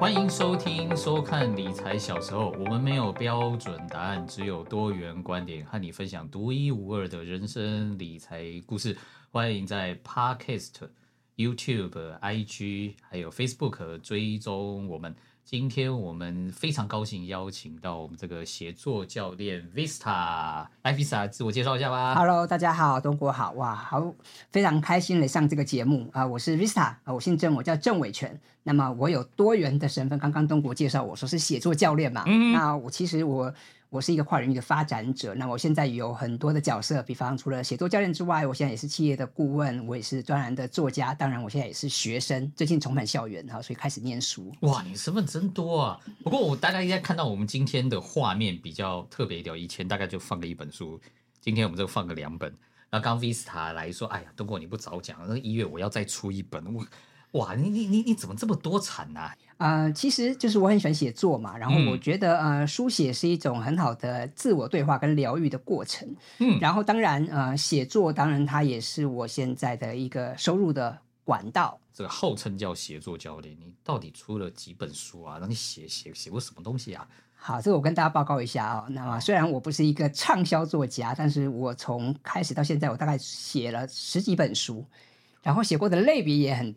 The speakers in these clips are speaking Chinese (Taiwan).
歡迎收聽、收看《理財小時候》，我們沒有標準答案，只有多元觀點，和你分享獨一無二的人生理財故事。歡迎在 Podcast、YouTube、IG、還有 Facebook 追蹤我們。今天我們非常高興邀請到我們這個寫作教練 Vista，來 Vista 自我介紹一下吧。Hello，大家好，東國好，哇，好，非常開心的上這個節目啊、呃！我是 Vista、呃、我姓鄭，我叫鄭緯筌。那麼我有多元的身份，剛剛東國介紹我說是寫作教練嘛，嗯，那我其實我。我是一個跨領域的發展者，那我現在有很多的角色，比方除了寫作教練之外，我現在也是企業的顧問，我也是專欄的作家，當然我現在也是學生，最近重返校園哈，然後所以開始念書。哇，你身份真多啊！不過我大概應該看到我們今天的畫面比較特別一點，以前大概就放個一本書，今天我們就放個兩本。那剛，剛 Vista 來說，哎呀，東哥你不早講，那一月我要再出一本，我哇，你你你你怎麼這麼多產呢、啊？呃，其實就是我很喜歡寫作嘛，然後我覺得、嗯、呃，書寫是一種很好的自我對話跟療癒的過程。嗯，然後當然呃，寫作當然它也是我現在的一個收入的管道。這個號稱叫寫作教練，你到底出了幾本書啊？讓你寫寫寫過什麼東西啊？好，這個我跟大家報告一下哦。那麼雖然我不是一個暢銷作家，但是我從開始到現在，我大概寫了十幾本書，然後寫過的類別也很。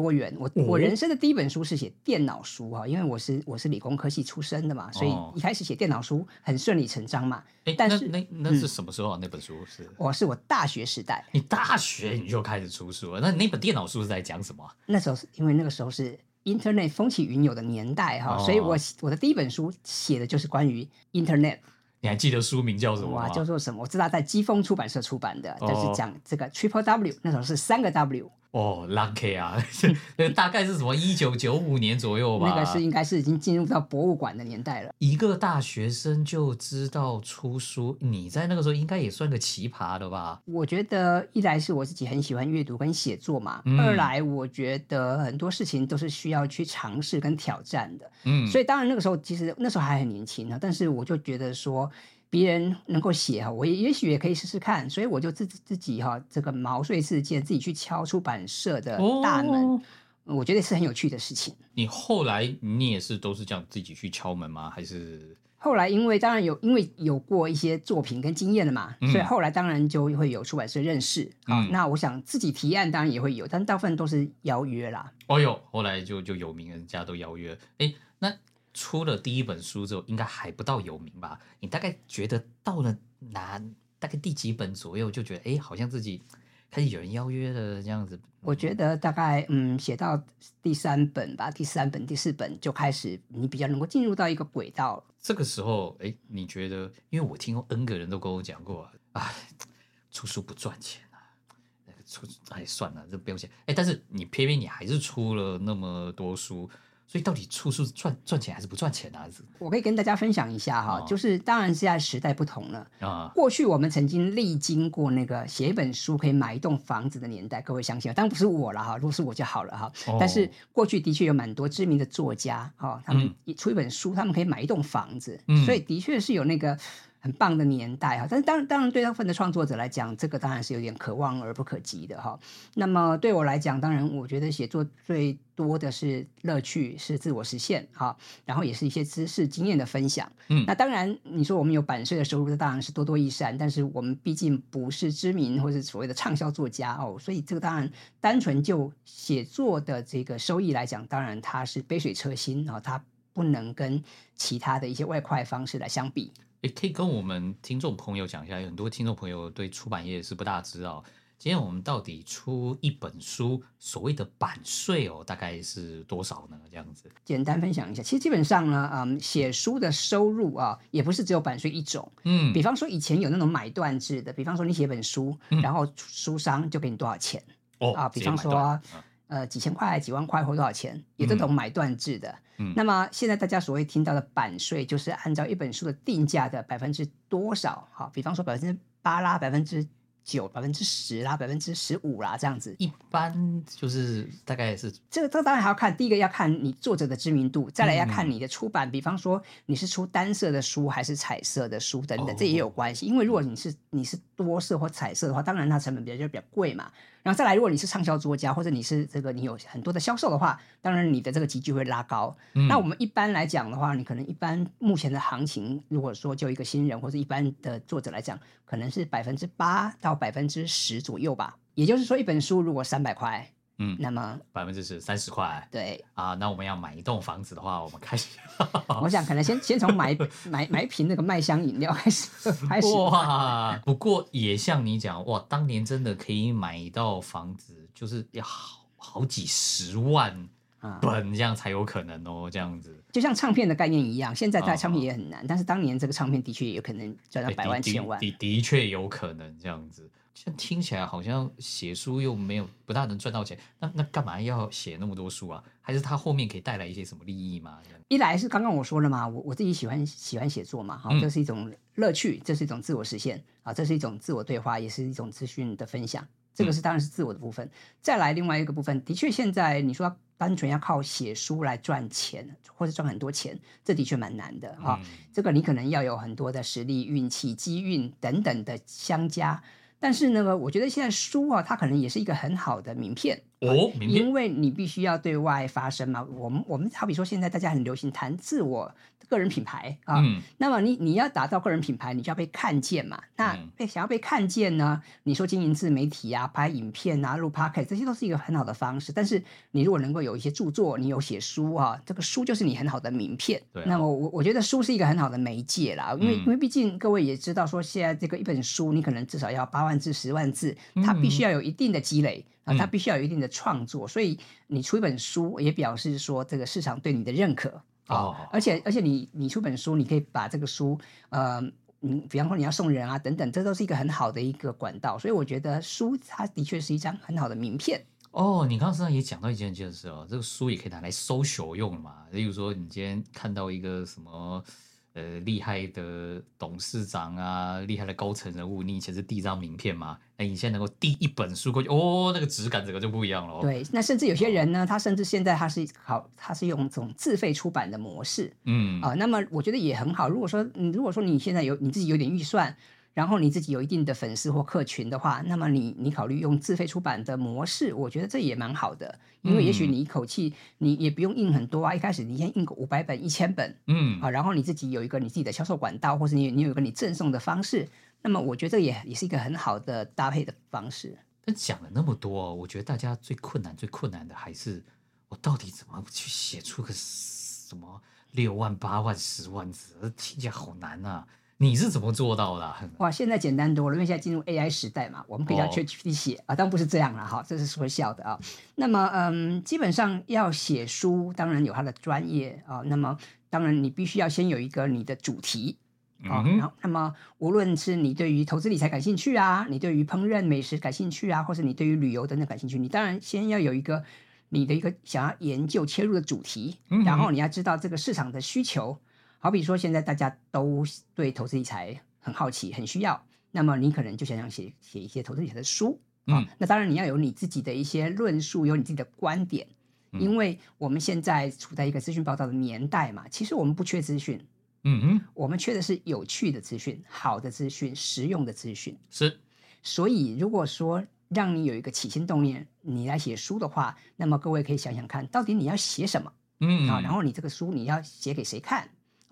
多元，我我人生的第一本書是寫電腦書哈，因為我是我是理工科系出身的嘛，所以一開始寫電腦書很順理成章嘛。欸、但是那那，那是什麼時候、啊嗯？那本書是我、哦、是我大學時代，你大學你就開始出書了？那那本電腦書是在講什麼、啊？那時候是因為那個時候是 Internet 風起雲湧的年代哈，所以我我的第一本書寫的就是關於 Internet。你還記得書名叫什麼、啊？哇，叫做什麼？我知道在碁峰出版社出版的，就是講這個 Triple W、哦、那時候是三個 W。哦、oh，Lucky 啊，大概是什麼一九九五年左右吧？那個是應該是已經進入到博物館的年代了。一個大學生就知道出書，你在那個時候應該也算個奇葩的吧？我覺得一來是我自己很喜歡閱讀跟寫作嘛，嗯、二來我覺得很多事情都是需要去嘗試跟挑戰的。嗯，所以當然那個時候其實那時候還很年輕呢，但是我就覺得說。別人能夠寫哈，我也也許也可以試試看，所以我就自自己哈這個毛遂自薦，自己去敲出版社的大門，哦，我覺得是很有趣的事情。你後來你也是都是這樣自己去敲門嗎？還是後來因為當然有，因為有過一些作品跟經驗了嘛、嗯，所以後來當然就會有出版社認識、嗯。好，那我想自己提案當然也會有，但大部分都是邀約啦。哦呦，喲，後來就就有名人家都邀約，哎、欸，那。出了第一本書之後，應該還不到有名吧？你大概覺得到了哪，大概第幾本左右，就覺得哎、欸，好像自己開始有人邀約了這樣子。我覺得大概嗯，寫到第三本吧，第三本、第四本就開始，你比較能夠進入到一個軌道了。這個時候，哎、欸，你覺得？因為我聽過 N 個人都跟我講過，啊，出書不賺錢啊，那個出唉算了，這不用寫。哎、欸，但是你偏偏你還是出了那麼多書。所以到底出書賺賺錢還是不賺錢啊？是我可以跟大家分享一下哈、哦，就是當然現在時代不同了啊、哦。過去我們曾經歷經過那個寫一本書可以買一棟房子的年代，各位相信，當然不是我了哈，如果是我就好了哈。但是過去的確有蠻多知名的作家哈、哦，他們出一本書，他們可以買一棟房子，嗯，所以的確是有那個。很棒的年代哈，但是當然，當然對那份的創作者來講，這個當然是有點可望而不可及的哈。那麼對我來講，當然我覺得寫作最多的是樂趣，是自我實現哈，然後也是一些知識經驗的分享。嗯，那當然你說我們有版稅的收入，當然是多多益善。但是我們畢竟不是知名或者所謂的暢銷作家哦，所以這個當然單純就寫作的這個收益來講，當然它是杯水車薪啊，它不能跟其他的一些外快方式來相比。也可以跟我們聽眾朋友講一下，有很多聽眾朋友對出版業是不大知道。今天我們到底出一本書，所謂的版稅哦，大概是多少呢？這樣子，簡單分享一下。其實基本上呢，嗯，寫書的收入啊，也不是只有版稅一種。嗯，比方說以前有那種買斷制的，比方說你寫本書、嗯，然後書商就給你多少錢。哦、啊，比方說、嗯，呃，幾千塊、幾萬塊或多少錢，有這種買斷制的。嗯嗯、那麼現在大家所謂聽到的版稅，就是按照一本書的定價的百分之多少？好，比方說百分之八啦，百分之九、百分之十啦，百分之十五啦這樣子，一般就是大概也是這個。這個、當然還要看，第一個要看你作者的知名度，再來要看你的出版，嗯嗯比方說你是出單色的書還是彩色的書等等，哦、這也有關係。因為如果你是你是多色或彩色的話，當然它成本比較就比較貴嘛。然後再來，如果你是暢銷作家，或者你是這個你有很多的銷售的話，當然你的這個級距會拉高。嗯。那我們一般來講的話，你可能一般目前的行情，如果說就一個新人或者一般的作者來講，可能是百分之八到百分之十左右吧。也就是說，一本書如果三百塊。嗯，那麼百分之十三十塊，對啊，那我們要買一棟房子的話，我們開始。 我想可能先先從買買買一瓶那個麥香飲料開始哇開始，不過也像你講，哇，當年真的可以買到房子，就是要好好幾十萬本、嗯、這樣才有可能哦、喔，這樣子。就像唱片的概念一樣，現在賣唱片也很難、嗯，但是當年這個唱片的確也有可能賺到百萬千萬，欸、的的確有可能這樣子。像聽起來好像寫書又沒有不大能賺到錢，那那干嘛要寫那麼多書啊？還是他後面可以帶來一些什麼利益嗎？一來是剛剛我說了嘛，我我自己喜歡喜歡寫作嘛，好、哦嗯，這是一種樂趣，這是一種自我實現啊、哦，這是一種自我對話，也是一種資訊的分享。這個是當然是自我的部分、嗯。再來另外一個部分，的確現在你說要單純要靠寫書來賺錢，或者賺很多錢，這的確蠻難的哈、哦嗯。這個你可能要有很多的實力、運氣、機運等等的相加。但是呢，我覺得現在書啊，它可能也是一個很好的名片。哦，因為你必須要對外發聲嘛。我們我們好比說，現在大家很流行談自我個人品牌啊。嗯。那麼你你要打造個人品牌，你就要被看見嘛。那被、嗯欸、想要被看見呢？你說經營自媒體啊，拍影片啊，錄 podcast，這些都是一個很好的方式。但是你如果能夠有一些著作，你有寫書啊，這個書就是你很好的名片。對、啊。那我我覺得書是一個很好的媒介啦，因為、嗯、因為畢竟各位也知道說，現在這個一本書，你可能至少要八萬字、十萬字，它必須要有一定的積累。嗯它必須要有一定的創作、嗯，所以你出一本書也表示說這個市場對你的認可、哦、而且而且你你出本書，你可以把這個書呃，嗯，比方說你要送人啊等等，這都是一個很好的一個管道。所以我覺得書它的確是一張很好的名片哦。你剛剛上也講到一件件事哦，這個書也可以拿來社交用嘛。例如說你今天看到一個什麼。呃，厲害的董事長啊，厲害的高層人物，你以前是遞一張名片嘛？那你現在能夠遞一本書過去，哦，那個質感整個就不一樣了，哦。對，那甚至有些人呢，他甚至現在他是好，哦，他是用這種自費出版的模式，嗯啊、呃，那麼我覺得也很好。如果說你，如果說你現在有你自己有點預算。然後你自己有一定的粉絲或客群的話，那麼你你考慮用自費出版的模式，我覺得這也蠻好的，因為也許你一口氣你也不用印很多啊、嗯，一開始你先印個五百本、一千本，嗯、啊，然後你自己有一個你自己的銷售管道，或是你你有一個你贈送的方式，那麼我覺得也也是一個很好的搭配的方式。但講了那麼多，我覺得大家最困難、最困難的還是我到底怎麼去寫出個什麼六萬、八萬、十萬字，聽起來好難啊。你是怎麼做到的、啊？哇，現在簡單多了，因為現在進入 A I 時代嘛，我們可以讓 Chat G P T 寫啊，當、oh. 然不是這樣了哈，這是說笑的啊。那麼，嗯，基本上要寫書，當然有它的專業啊。那麼，當然你必須要先有一個你的主題啊、嗯。然後那麼無論是你對於投資理財感興趣啊，你對於烹飪美食感興趣啊，或是你對於旅遊等等感興趣，你當然先要有一個你的一個想要研究切入的主題，嗯、然後你要知道這個市場的需求。好比說，現在大家都對投資理財很好奇，很需要，那麼你可能就想想寫寫一些投資理財的書啊、嗯哦。那當然你要有你自己的一些論述，有你自己的觀點，因為我們現在處在一個資訊爆炸的年代嘛。其實我們不缺資訊，嗯嗯，我們缺的是有趣的資訊、好的資訊、實用的資訊。是。所以如果說讓你有一個起心動念，你來寫書的話，那麼各位可以想想看，到底你要寫什麼？嗯啊，然後你這個書你要寫給誰看？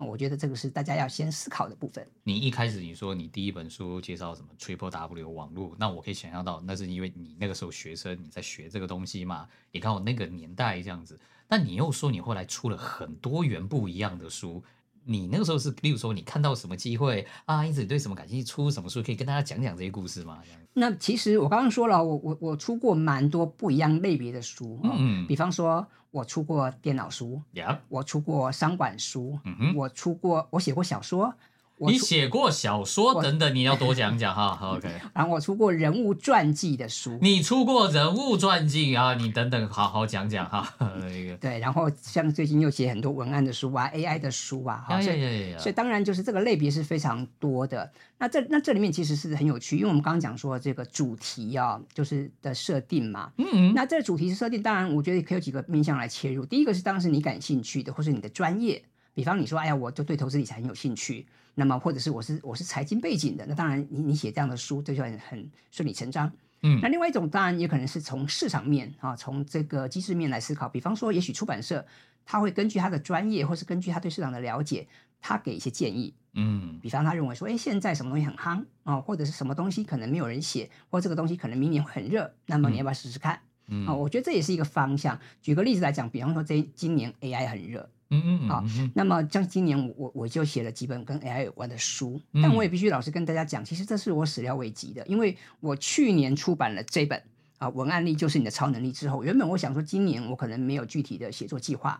我覺得這個是大家要先思考的部分。你一開始你說你第一本書介紹什麼 Triple W 網絡，那我可以想象到，那是因為你那個時候學生，你在學這個東西嘛，你看我那個年代這樣子。但你又說你後來出了很多元不一樣的書。你那個時候是，比如說你看到什麼機會啊，因此你對什麼感興趣，出什麼書可以跟大家講講這些故事嗎？那其實我剛剛說了，我我我出過蠻多不一樣類別的書，嗯嗯，比方說我出過電腦書，呀、yeah，我出過商管書，嗯哼，我出過我寫過小說。你寫過小說等等，你要多講講哈。OK， 然後我出過人物傳記的書。你出過人物傳記啊？你等等，好好講講哈。 對，然後像最近又寫很多文案的書啊，AI 的書啊，所以呀呀呀呀所以當然就是這個類別是非常多的。那這那這裡面其實是很有趣，因為我們剛剛講說這個主題啊、喔，就是的設定嘛。嗯嗯。那這個主題是設定，當然我覺得可以有幾個面向來切入。第一個是當時你感興趣的，或是你的專業。比方你說，哎呀，我就對投資理財很有興趣，那麼或者是我是我是財經背景的，那當然你你寫這樣的書，這就很很順理成章。嗯，那另外一種當然也可能是從市場面啊、哦，從這個機制面來思考。比方說，也許出版社他會根據他的專業，或是根據他對市場的了解，他給一些建議。嗯，比方他認為說，哎，現在什麼東西很夯啊、哦，或者是什麼東西可能沒有人寫，或這個東西可能明年很熱，那麼你要不要試試看？嗯、哦，我覺得這也是一個方向。舉個例子來講，比方說這今年 AI 很熱。嗯嗯， 那麼像今年我我我就寫了幾本跟 AI 有關的書，但我也必須老實跟大家講，其實這是我始料未及的，因為我去年出版了這本啊《文案力就是你的鈔能力》之後，原本我想說今年我可能沒有具體的寫作計劃，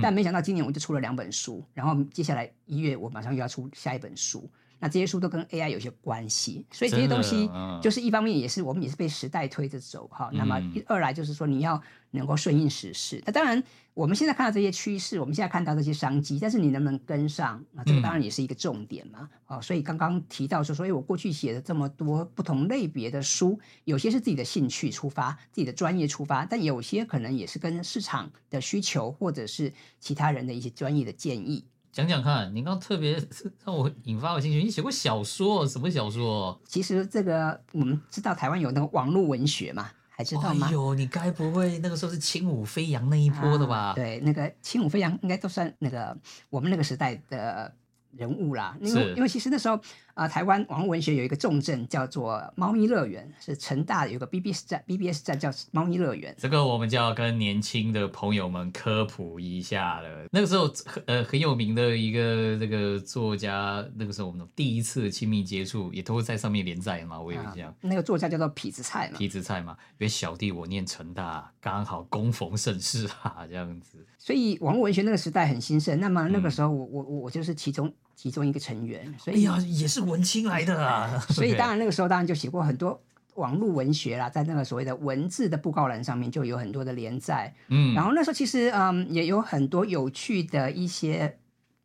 但沒想到今年我就出了兩本書，然後接下來一月我馬上又要出下一本書。那這些書都跟 AI 有些關係，所以這些東西就是一方面也是我們也是被時代推着走哈、啊哦。那麼二來就是說你要能夠順應時勢、嗯。那當然我們現在看到這些趨勢，我們現在看到這些商機，但是你能不能跟上？那這個當然也是一個重點嘛。嗯、哦，所以剛剛提到說說，所以、哎、我過去寫的這麼多不同類別的書，有些是自己的興趣出發，自己的專業出發，但有些可能也是跟市場的需求或者是其他人的一些專業的建議。講講看，你剛剛特別讓我引發我興趣，你寫過小說，什麼小說？其實這個我們、嗯、知道台灣有那個網絡文學嘛，還知道嗎？哎呦，你該不會那個時候是輕舞飛揚那一波的吧？啊，對，那個輕舞飛揚應該都算那個我們那個時代的人物啦。因為。是。因為因為其實那時候。啊、呃，臺灣網絡文學有一個重鎮叫做“貓咪樂園”，是成大的有一個 BBS 站，BBS 站叫“貓咪樂園”。這個我們就要跟年輕的朋友們科普一下了。那個時候，很呃很有名的一個這個作家，那個時候我們第一次親密接觸，也都在上面連載嘛。我以為這樣，那個作家叫做痞子蔡嘛，痞子蔡嘛，因為小弟我念成大，剛好恭逢盛世啊，這樣子。所以網絡文學那個時代很興盛。那麼那個時候我、嗯，我我我就是其中。其中一個成員，所以，哎呀，也是文青來的啦、啊。所以當然那個時候當然就寫過很多網絡文學啦，在那個所謂的文字的布告欄上面就有很多的連載，嗯，然後那時候其實嗯也有很多有趣的一些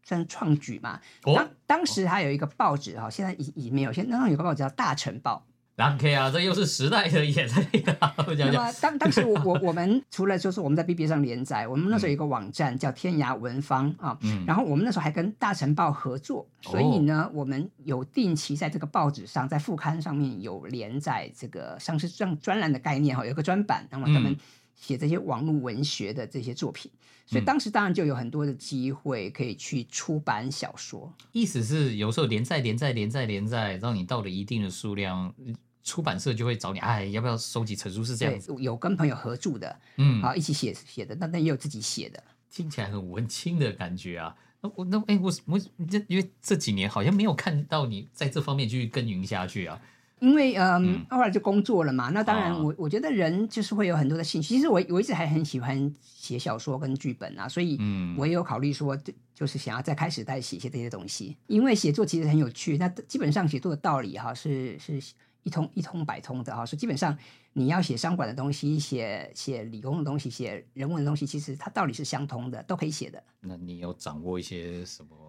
算創舉嘛，當、哦、當時還有一個報紙哈，現在已已沒有，現在那有一個報紙叫《大成報》。OK 啊，這又是時代的眼淚 那麼當當時我我，我們除了就是我們在 B B 上連載，我們那時候有一個網站叫天涯文芳啊、嗯，然後我們那時候還跟大成報合作，所以呢、哦，我們有定期在這個報紙上在副刊上面有連載這個像是這專、專、專欄的概念哈，有個專版，那麼他們。嗯寫這些網絡文學的這些作品，所以當時當然就有很多的機會可以去出版小說。嗯，意思是有時候連載、連載、連載、連載，讓你到了一定的數量，出版社就會找你，哎，要不要收集成書？是這樣子。對，有跟朋友合著的，嗯，啊，一起寫寫的，那那也有自己寫的。聽起來很文青的感覺啊！我那哎，欸，我我這因為這幾年好像沒有看到你在這方面去耕耘下去啊。因為嗯，嗯，後來就工作了嘛。那當然我、我、哦、我覺得人就是會有很多的興趣。其實我我一直還很喜歡寫小說跟劇本啊，所以嗯，我也有考慮說、嗯，就是想要再開始再寫一些這些東西。因為寫作其實很有趣。那基本上寫作的道理哈，是是一通一通百通的哈。所以基本上你要寫商管的東西，寫寫理工的東西，寫人文的東西，其實它道理是相通的，都可以寫的。那你有掌握一些什麼？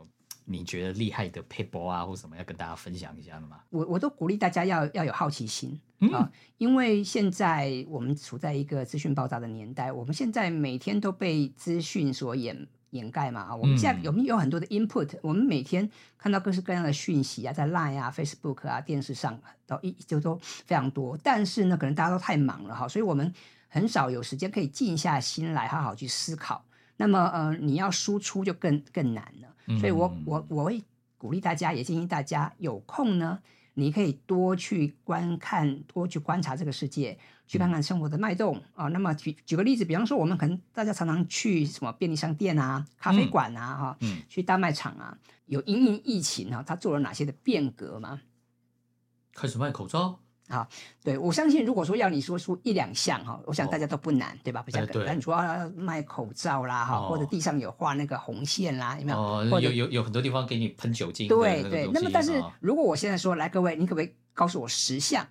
你覺得厲害的 paper 啊，或什麼要跟大家分享一下的嗎？我我都鼓勵大家要要有好奇心啊、嗯呃，因為現在我們處在一個資訊爆炸的年代，我們現在每天都被資訊所掩掩蓋嘛、哦。我們現在有有很多的 input，我們每天看到各式各樣的訊息啊，在 line 啊、Facebook 啊、電視上都一就都非常多。但是呢，可能大家都太忙了哈、哦，所以我們很少有時間可以靜下心來好好去思考。那麼呃，你要輸出就更更難了。所以我、嗯，我我我會鼓勵大家，也建議大家有空呢，你可以多去觀看，多去觀察這個世界，去看看生活的脈動啊、嗯哦。那麼舉，舉舉個例子，比方說，我們可能大家常常去什麼便利商店啊、咖啡館啊、哈、嗯哦，去大賣場啊，有因應疫情啊，它做了哪些的變革嗎？開始賣口罩。啊，對，我相信，如果說要你說出一兩項哈，我想大家都不難，哦、對吧？不像剛、呃、你說要要賣口罩啦哈、哦，或者地上有畫那個紅線啦，有沒有？哦，有有有很多地方給你噴酒精，對對。那麼，但是、哦、如果我現在說，來各位，你可不可以告訴我十項？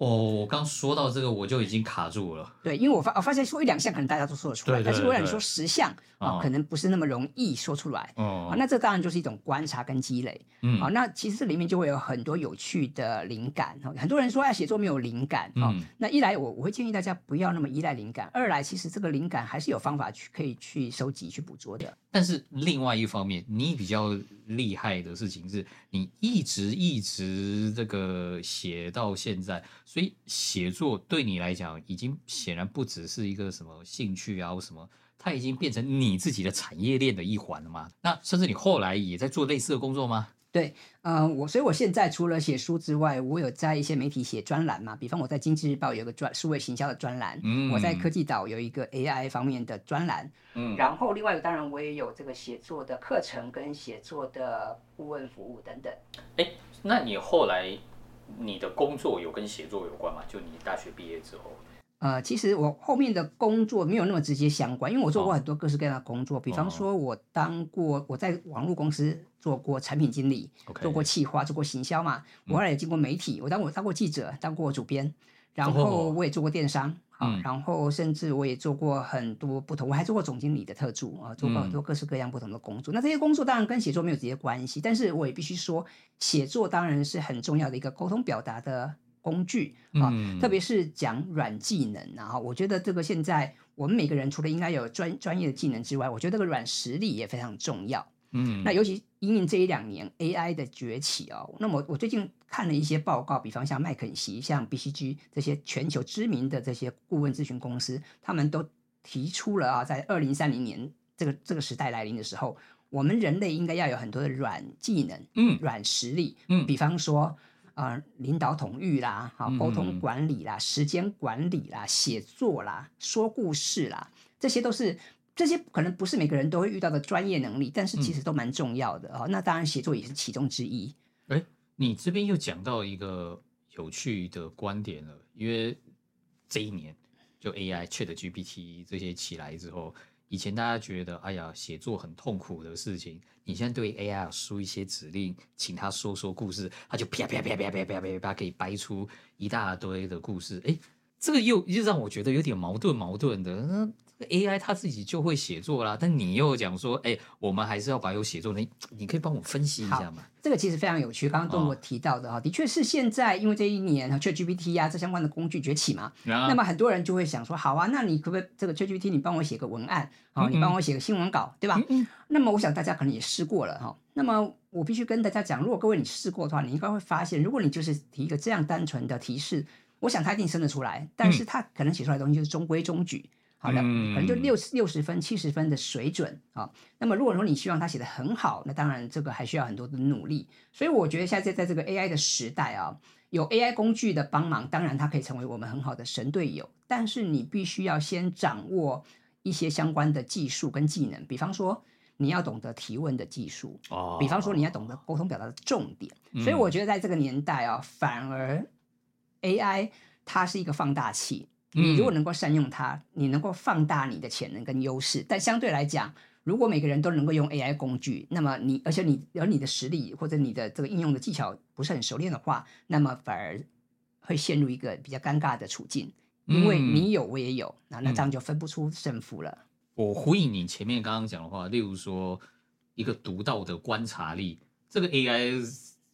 哦，我剛說到這個，我就已經卡住了。對，因為我發我、哦、發現說一兩項可能大家都說得出來，對對對對，但是我想說十項啊、哦哦，可能不是那麼容易說出來哦。哦，那這當然就是一種觀察跟積累。嗯，好、哦，那其實這裡面就會有很多有趣的靈感。哦、很多人說要、啊、寫作沒有靈感，哦、嗯，那一來我我會建議大家不要那麼依賴靈感；二來其實這個靈感還是有方法去可以去收集、去捕捉的。但是另外一方面，你比較厲害的事情是，你一直一直這個寫到現在，所以寫作對你來講已經顯然不只是一個什麼興趣啊或什麼，它已經變成你自己的產業鏈的一環了嘛。那甚至你後來也在做類似的工作嗎？對，嗯、呃，我所以，我現在除了寫書之外，我有在一些媒體寫專欄嘛，比方我在《經濟日報》有個專，數位行銷的專欄，嗯，我在科技島有一個 AI 方面的專欄，嗯，然後另外當然我也有這個寫作的課程跟寫作的顧問服務等等。哎，那你後來你的工作有跟寫作有關嗎？就你大學畢業之後？呃，其實我後面的工作沒有那麼直接相關，因為我做過很多各式各樣的工作，哦、比方說，我當過我在網絡公司做過產品經理，哦、okay, 做過企劃，做過行銷嘛。嗯、我後來也經過媒體，我當我當過記者，當過主編，然後我也做過電商啊、嗯，然後甚至我也做過很多不同，我還做過總經理的特助啊，做過很多各式各樣不同的工作、嗯。那這些工作當然跟寫作沒有直接關係，但是我也必須說，寫作當然是很重要的一個溝通表達的。工具啊，嗯，特別是講軟技能，啊，然後我覺得這個現在我們每個人除了應該有專專業的技能之外，我覺得這個軟實力也非常重要。嗯，那尤其因為這一兩年 AI 的崛起哦，那麼我最近看了一些報告，比方像麥肯錫、像 BCG 這些全球知名的這些顧問諮詢公司，他們都提出了啊，在二零三零年這個這個時代來臨的時候，我們人類應該要有很多的軟技能，嗯，軟實力，嗯，比方說。呃，領導統御啦，好，溝通管理啦、嗯，時間管理啦，寫作啦，說故事啦，這些都是這些可能不是每個人都會遇到的專業能力，但是其實都蠻重要的、嗯、哦。那當然，寫作也是其中之一。哎，你這邊又講到一個有趣的觀點了，因為這一年就 AI ChatGPT 這些起來之後。以前大家覺得，哎呀，寫作很痛苦的事情。你現在對 AI 輸一些指令，請他說說故事，他、啊、就啪啪啪啪啪啪啪啪啪，可以掰出一大堆的故事，哎、欸。這個又又讓我覺得有點矛盾，矛盾的。那 AI 它自己就會寫作啦，但你又講說，哎、欸，我們還是要保有寫作能力你,你可以幫我分析一下嗎？這個其實非常有趣。剛剛跟我提到的啊、哦，的確是現在因為這一年 ChatGPT 啊這相關的工具崛起嘛、啊，那麼很多人就會想說，好啊，那你可不可以這個 ChatGPT 你幫我寫個文案？好、嗯嗯哦，你幫我寫個新聞稿，對吧？嗯嗯那麼我想大家可能也試過了哈、哦。那麼我必須跟大家講，如果各位你試過的話，你應該會發現，如果你就是提一個這樣單純的提示。我想他一定生得出來，但是他可能寫出來的東西就是中規中矩，嗯、好的，可能就六六十分、七十分的水準啊、哦。那麼如果說你希望他寫得很好，那當然這個還需要很多的努力。所以我覺得現在在這個 AI 的時代啊、哦，有 AI 工具的幫忙，當然它可以成為我們很好的神隊友，但是你必須要先掌握一些相關的技術跟技能，比方說你要懂得提問的技術哦，比方說你要懂得溝通表達的重點。所以我覺得在這個年代啊、哦嗯，反而。AI 它是一個放大器，你如果能夠善用它，你能夠放大你的潛能跟優勢。但相對來講，如果每個人都能夠用 AI 工具，那麼你而且你而你的實力或者你的這個應用的技巧不是很熟練的話，那麼反而會陷入一個比較尷尬的處境，因為你有我也有，那、嗯、那這樣就分不出勝負了。我呼應你前面剛剛講的話，例如說一個獨到的觀察力，這個 AI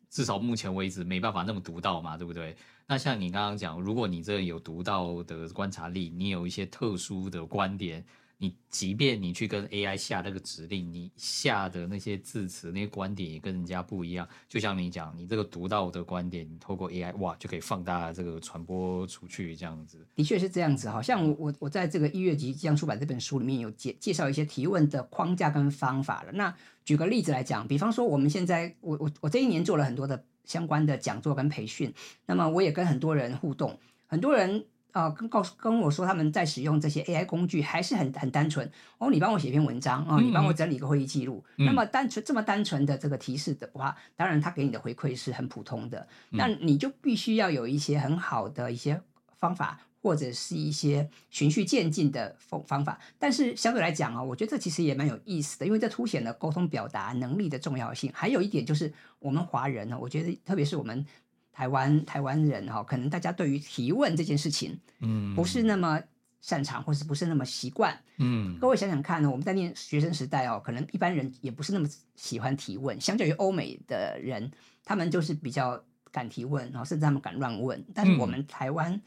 至少目前為止沒辦法那麼獨到嘛，對不對？那像你剛剛講，如果你這有獨到的觀察力，你有一些特殊的觀點，你即便你去跟 AI 下那個指令，你下的那些字詞、那些觀點也跟人家不一樣。就像你講，你這個獨到的觀點，你透過 AI 哇，就可以放大這個傳播出去，這樣子。的確是這樣子哈。好像我我我在這個一月即將出版這本書裡面有介介紹一些提問的框架跟方法了。那舉個例子來講，比方說我們現在，我我我這一年做了很多的。相關的講座跟培訓，那麼我也跟很多人互動，很多人啊、呃、跟告訴跟我說，他們在使用這些 AI 工具，還是很很單純。哦，你幫我寫篇文章哦，你幫我整理一個會議記錄。嗯嗯那麼單純這麼單純的這個提示的話，當然他給你的回饋是很普通的，那你就必須要有一些很好的一些方法。或者是一些循序漸進的方方法，但是相對來講啊、哦，我覺得這其實也蠻有意思的，因為這凸顯了溝通表達能力的重要性。還有一點就是，我們華人呢、哦，我覺得特別是我們台灣台灣人哈、哦，可能大家對於提問這件事情，嗯，不是那麼擅長，或是不是那麼習慣，嗯。各位想想看呢、哦，我們在念學生時代哦，可能一般人也不是那麼喜歡提問，相較於歐美的人，他們就是比較敢提問，然後甚至他們敢亂問。但是我們台灣。嗯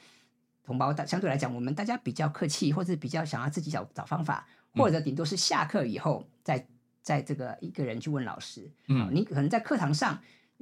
同胞，大，相對來講，我們大家比較客氣，或者是比較想要自己找找方法，或者頂多是下課以後，再、嗯、在、在這個一個人去問老師。嗯，你可能在課堂上，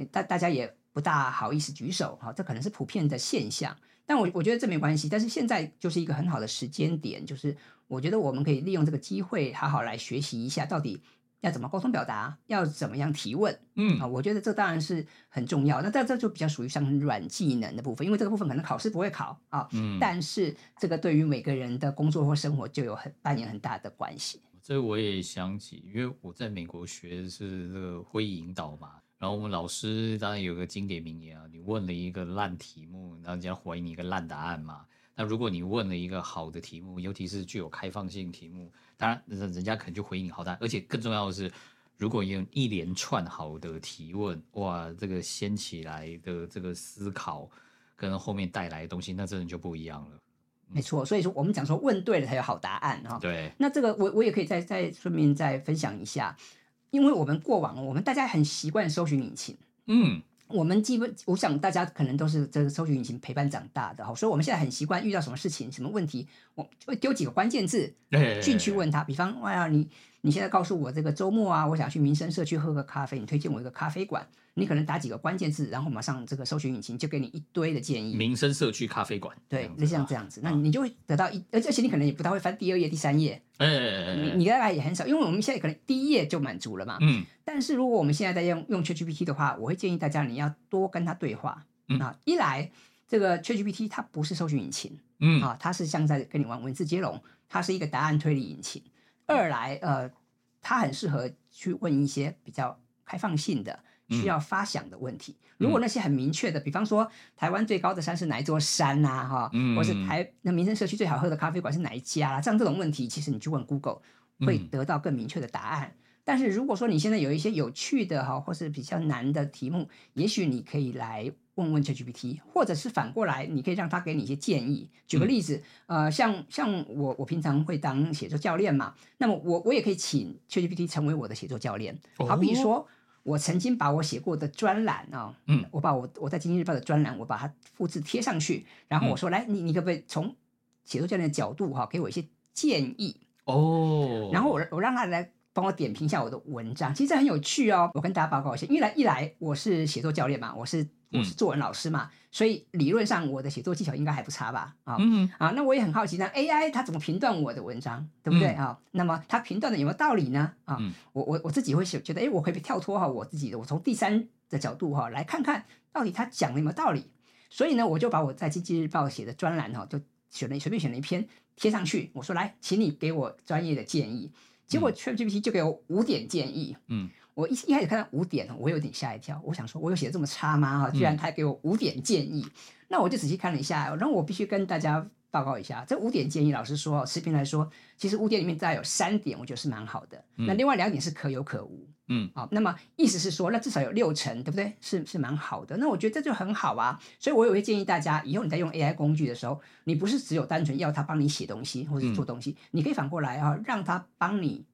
大大家也不大好意思舉手，哈，這可能是普遍的現象。但我我覺得這沒關係。但是現在就是一個很好的時間點，就是我覺得我們可以利用這個機會，好好來學習一下到底。要怎麼溝通表達？要怎麼樣提問？嗯，啊、哦，我覺得這當然是很重要。那但這就比較屬於像軟技能的部分，因為這個部分可能考試不會考啊、哦。嗯，但是這個對於每個人的工作或生活就有很扮演很大的關係。這我也想起，因為我在美國學的是這個會議引導嘛，然後我們老師當然有個經典名言啊：你問了一個爛題目，然後人家回你一個爛答案嘛。那如果你問了一個好的題目，尤其是具有開放性題目，當然人家可能就回應你好，但而且更重要的是，如果你用一連串好的提問，哇，這個掀起來的這個思考跟後面帶來的東西，那真的就不一樣了。嗯、沒錯，所以說我們講說問對了才有好答案哈、哦。對。那這個我我也可以再再順便再分享一下，因為我們過往我們大家很習慣搜尋引擎。嗯。我們基本，我想大家可能都是這個搜尋引擎陪伴長大的，好，所以我們現在很習慣遇到什麼事情，什麼問題，我會丟幾個關鍵字進、哎哎哎，去問他。比方，我，哎，你。你現在告訴我這個周末啊，我想去民生社區喝個咖啡，你推薦我一個咖啡館。你可能打幾個關鍵字，然後馬上這個搜尋引擎就給你一堆的建議。民生社區咖啡館，對，就像這樣子，這樣子、啊。那你就會得到一，而且你可能也不太會翻第二頁、第三頁。嗯、哎哎哎，你你大概也很少，因為我們現在可能第一頁就滿足了嘛。嗯。但是如果我們現在在用用 ChatGPT 的話，我會建議大家你要多跟他對話。嗯、啊，一來這個 ChatGPT 它不是搜尋引擎，嗯啊，它是像在跟你玩文字接龍，它是一個答案推理引擎。二來，呃，它很適合去問一些比較開放性的、需要發想的問題。如果那些很明確的，比方說台灣最高的山是哪一座山啊，哈，或是台那民生社區最好喝的咖啡館是哪一家啊，這樣這種問題，其實你去問 Google 會得到更明確的答案。但是如果說你現在有一些有趣的哈，或是比較難的題目，也許你可以來。問問 ChatGPT，或者是反過來，你可以讓他給你一些建議。舉個例子，嗯、呃，像像我我平常會當寫作教練嘛，那麼我我也可以請 ChatGPT 成為我的寫作教練。好比，比如說我曾經把我寫過的專欄啊、哦，嗯，我把我我在《經濟日報》的專欄，我把它複製貼上去，然後我說，嗯、來，你你可不可以從寫作教練的角度哈、哦，給我一些建議？哦，然後我我讓他來。幫我點評一下我的文章，其實很有趣哦。我跟大家報告一下，因為來一來我是寫作教練嘛，我是、嗯、我是作文老師嘛，所以理論上我的寫作技巧應該還不差吧？啊、哦嗯嗯，啊，那我也很好奇呢，那 AI 它怎麼評斷我的文章，對不對啊、嗯哦？那麼它評斷的有沒有道理呢？啊、哦，我我我自己會想覺得，哎，我可以跳脫哈我自己的，我從第三的角度哈來看看到底它講了有沒有道理。所以呢，我就把我在經濟日報寫的專欄哈，就選了隨便選了一篇貼上去，我說，來，請你給我專業的建議。結果 ChatGPT 就給我五點建議，嗯，我一一開始看到五點，我有點嚇一跳，我想說，我有寫得這麼差嗎？哈，居然他給我五點建議、嗯，那我就仔細看了一下，然後我必須跟大家報告一下這五點建議，老實說喔，持平來說，其實五點裡面大概有三點我覺得是蠻好的，嗯、那另外兩點是可有可無，嗯，好、哦，那麼意思是說，那至少有六成，對不對？是是蠻好的，那我覺得這就很好啊，所以我也會建議大家，以後你在用 AI 工具的時候，你不是只有單純要他幫你寫東西或者做東西、嗯，你可以反過來啊、哦，讓他幫你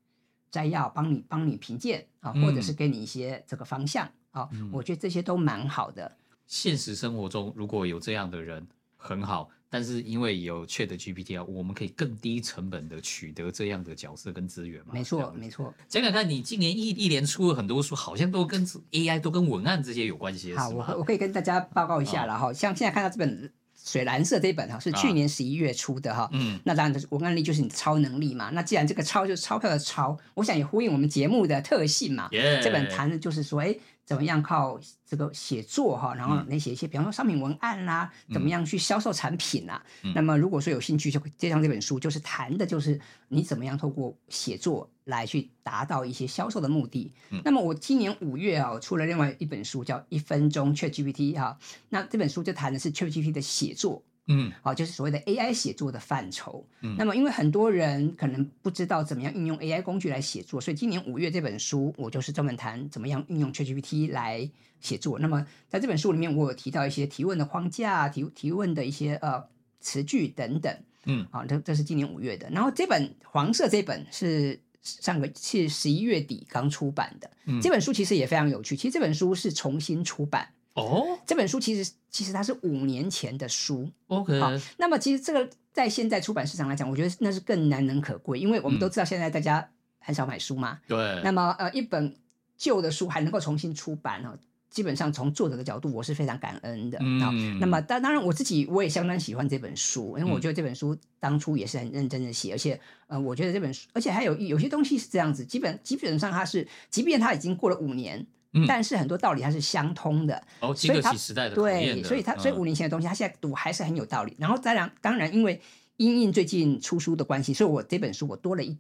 摘要，幫你幫你評鑑啊、哦嗯，或者是給你一些這個方向啊、哦嗯，我覺得這些都蠻好的。現實生活中如果有這樣的人，很好。但是因為有 Chat GPT 啊，我們可以更低成本的取得這樣的角色跟資源嘛。沒錯，沒錯。講講看，你今年一一年出了很多書，好像都跟 AI 都跟文案這些有關係。好，我我可以跟大家報告一下了哈、啊。像現在看到這本水藍色這一本哈，是去年十一月出的哈。嗯、啊。那當然，文案力就是你的鈔能力嘛。嗯、那既然這個超就是鈔票的超，我想也呼應我們節目的特性嘛。耶。這本談的就是說，誒怎麼樣靠這個寫作哈，然後來寫一些，比方說商品文案啦、啊，怎麼樣去銷售產品啊。嗯、那麼如果說有興趣，就可以接上這本書，就是談的就是你怎麼樣透過寫作來去達到一些銷售的目的。嗯、那麼我今年五月啊、哦，出了另外一本書叫《一分鐘 Chat GPT》哈，那這本書就談的是 Chat GPT 的寫作。嗯，好、呃，就是所謂的 AI 寫作的範疇。嗯，那麼因為很多人可能不知道怎麼樣運用 AI 工具來寫作，所以今年五月這本書我就是專門談怎麼樣運用 ChatGPT 來寫作。那麼在這本書裡面，我有提到一些提問的框架、提提問的一些呃詞句等等。嗯、呃，好，這這是今年五月的。然後這本黃色這本是上個是十一月底剛出版的。嗯，這本書其實也非常有趣。其實這本書是重新出版。哦、oh?，這本書其實其實它是五年前的書。OK，好、哦，那麼其實這個在現在出版市場來講，我覺得那是更難能可貴，因為我們都知道現在大家很少買書嘛。嗯、對。那麼呃，一本舊的書還能夠重新出版呢、哦，基本上從作者的角度，我是非常感恩的。好、嗯。那麼當當然我自己我也相當喜歡這本書，因為我覺得這本書當初也是很認真的寫，嗯、而且呃，我覺得這本書，而且還有有些東西是這樣子，基本基本上它是，即便它已經過了五年。但是很多道理它是相通的，所以它對，所以它，七七的的所，以它所以五年前的東西，它現在讀還是很有道理。嗯、然後當然，當然因為因應最近出書的關係，所以我這本書我多了一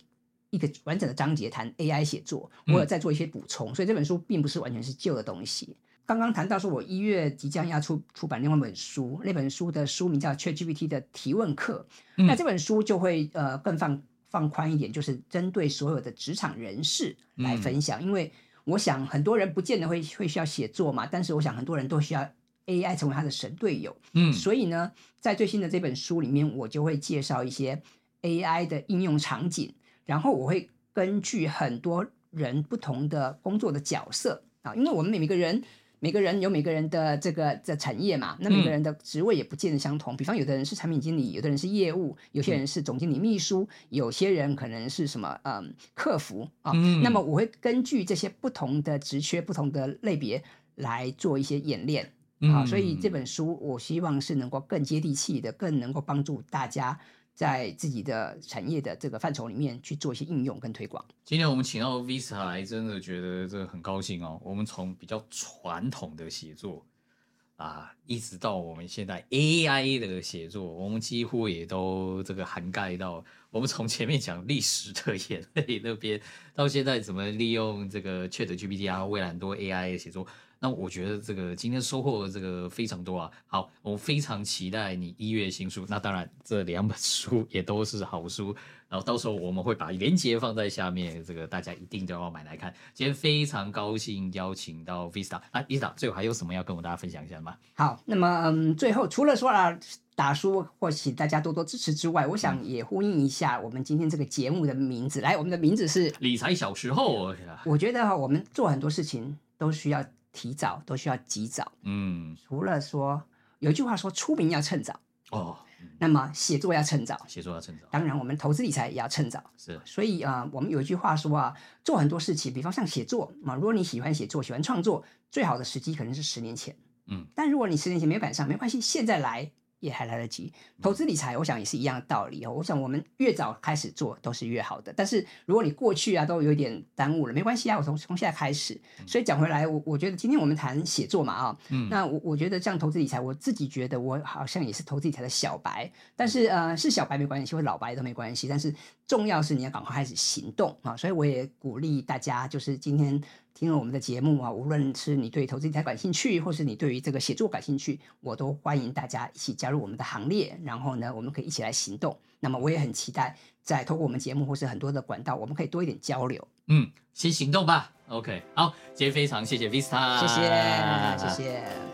一個完整的章節談 AI 寫作，我有在做一些補充、嗯，所以這本書並不是完全是舊的東西。剛剛談到說，我一月即將要出出版另外一本書，那本書的書名叫《ChatGPT 的提問課》嗯，那這本書就會呃更放放寬一點，就是針對所有的職場人士來分享，嗯、因為。我想很多人不見得會會需要寫作嘛，但是我想很多人都需要 AI 成為他的神隊友，嗯，所以呢，在最新的這本書裡面，我就會介紹一些 AI 的應用場景，然後我會根據很多人不同的工作的角色啊，因為我們每每一個人。每個人有每個人的這個的產業嘛，那每個人的職位也不見得相同，嗯。比方有的人是產品經理，有的人是業務，有些人是總經理秘書，嗯，有些人可能是什麼嗯，客服啊，嗯。那麼我會根據這些不同的職缺、不同的類別來做一些演練啊，嗯。所以這本書我希望是能夠更接地氣的，更能夠幫助大家。在自己的產業的這個範疇裡面去做一些應用跟推廣。今天我們請到 Vista 來，真的覺得這個很高興哦。我們從比較傳統的寫作啊，一直到我們現在 AI 的寫作，我們幾乎也都這個涵蓋到。我們從前面講歷史的眼淚那邊，到現在怎麼利用這個 ChatGPT 然後為很多 AI 的寫作。那我覺得這個今天收穫的這個非常多啊！好，我非常期待你一月新書。那當然，這兩本書也都是好書。然後到時候我們會把鏈接放在下面，這個大家一定都要買來看。今天非常高興邀請到 Vista 啊，Vista 最後還有什麼要跟我大家分享一下嗎？好，那麼、嗯、最後除了說啊，打書或請大家多多支持之外，我想也呼應一下我們今天這個節目的名字。嗯、來，我們的名字是理財小時候。我覺得哈，我們做很多事情都需要。提早都需要及早，嗯，除了說有句話說，出名要趁早哦、嗯，那麼寫作要趁早，寫作要趁早，當然我們投資理財也要趁早，是，所以啊，我們有一句話說啊，做很多事情，比方像寫作啊，如果你喜歡寫作，喜歡創作，最好的時機可能是十年前，嗯，但如果你十年前沒趕上，沒關係，現在來。也還來得及，投資理財，我想也是一樣的道理哦。我想我們越早開始做，都是越好的。但是如果你過去啊都有點耽誤了，沒關係啊，我從從現在開始。所以講回來，我我覺得今天我們談寫作嘛啊哦，嗯，那我我覺得這樣投資理財，我自己覺得我好像也是投資理財的小白，但是呃是小白沒關係，或者老白也都沒關係。但是重要是你要趕快開始行動啊哦！所以我也鼓勵大家，就是今天。聽了我們的節目啊，無論是你對投資理財感興趣，或是你對於這個寫作感興趣，我都歡迎大家一起加入我們的行列。然後呢，我們可以一起來行動。那麼我也很期待，在透過我們節目或是很多的管道，我們可以多一點交流。嗯，先行動吧。OK，好，今天非常謝謝 Vista 謝謝，謝謝。嗯謝謝。